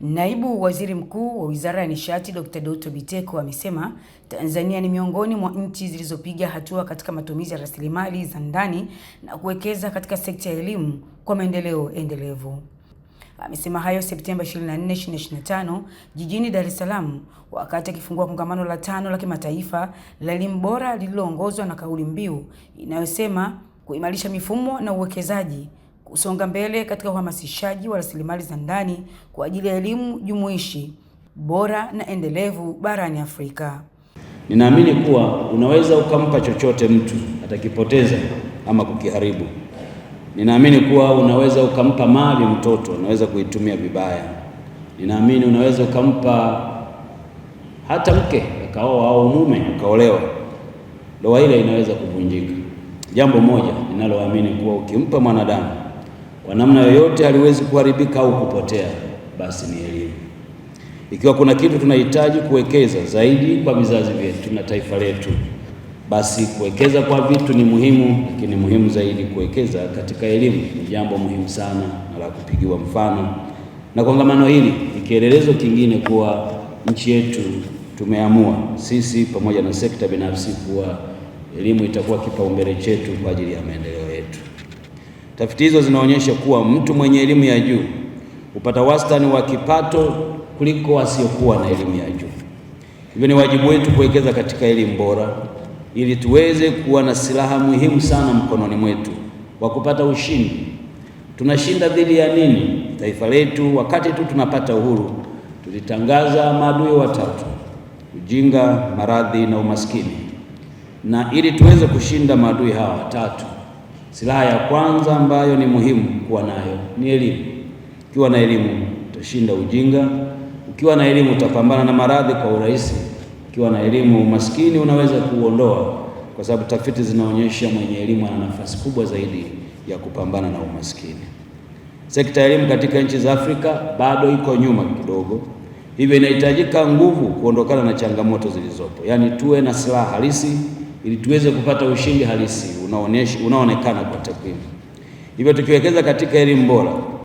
Naibu Waziri Mkuu wa Wizara ya Nishati Dr. Doto Biteko amesema Tanzania ni miongoni mwa nchi zilizopiga hatua katika matumizi ya rasilimali za ndani na kuwekeza katika sekta ya elimu kwa maendeleo endelevu. Amesema hayo Septemba 24, 2025 jijini Dar es Salaam wakati akifungua kongamano la tano la kimataifa la elimu bora lililoongozwa na kauli mbiu inayosema kuimarisha mifumo na uwekezaji kusonga mbele katika uhamasishaji wa rasilimali za ndani kwa ajili ya elimu jumuishi bora na endelevu barani Afrika. Ninaamini kuwa unaweza ukampa chochote mtu atakipoteza ama kukiharibu. Ninaamini kuwa unaweza ukampa mali mtoto, unaweza kuitumia vibaya. Ninaamini unaweza ukampa hata mke akaoa au mume akaolewa, ndoa ile inaweza kuvunjika. Jambo moja ninaloamini kuwa ukimpa mwanadamu kwa namna yoyote haliwezi kuharibika au kupotea, basi ni elimu. Ikiwa kuna kitu tunahitaji kuwekeza zaidi kwa vizazi vyetu na taifa letu, basi kuwekeza kwa vitu ni muhimu, lakini muhimu zaidi kuwekeza katika elimu ni jambo muhimu sana na la kupigiwa mfano, na kongamano hili ni kielelezo kingine kuwa nchi yetu tumeamua sisi pamoja na sekta binafsi kuwa elimu itakuwa kipaumbele chetu kwa ajili ya maendeleo. Tafiti hizo zinaonyesha kuwa mtu mwenye elimu ya juu hupata wastani wa kipato kuliko asiyokuwa na elimu ya juu. Hivyo ni wajibu wetu kuwekeza katika elimu bora ili tuweze kuwa na silaha muhimu sana mkononi mwetu wa kupata ushindi. Tunashinda dhidi ya nini? Taifa letu wakati tu tunapata uhuru tulitangaza maadui watatu: ujinga, maradhi na umaskini, na ili tuweze kushinda maadui hawa watatu Silaha ya kwanza ambayo ni muhimu kuwa nayo ni elimu. Ukiwa na elimu utashinda ujinga, ukiwa na elimu utapambana na maradhi kwa urahisi, ukiwa na elimu umaskini unaweza kuuondoa, kwa sababu tafiti zinaonyesha mwenye elimu ana nafasi kubwa zaidi ya kupambana na umaskini. Sekta ya elimu katika nchi za Afrika bado iko nyuma kidogo, hivyo inahitajika nguvu kuondokana na changamoto zilizopo, yaani tuwe na silaha halisi ili tuweze kupata ushindi halisi unaonekana kwa takwimu. Hivyo tukiwekeza katika elimu bora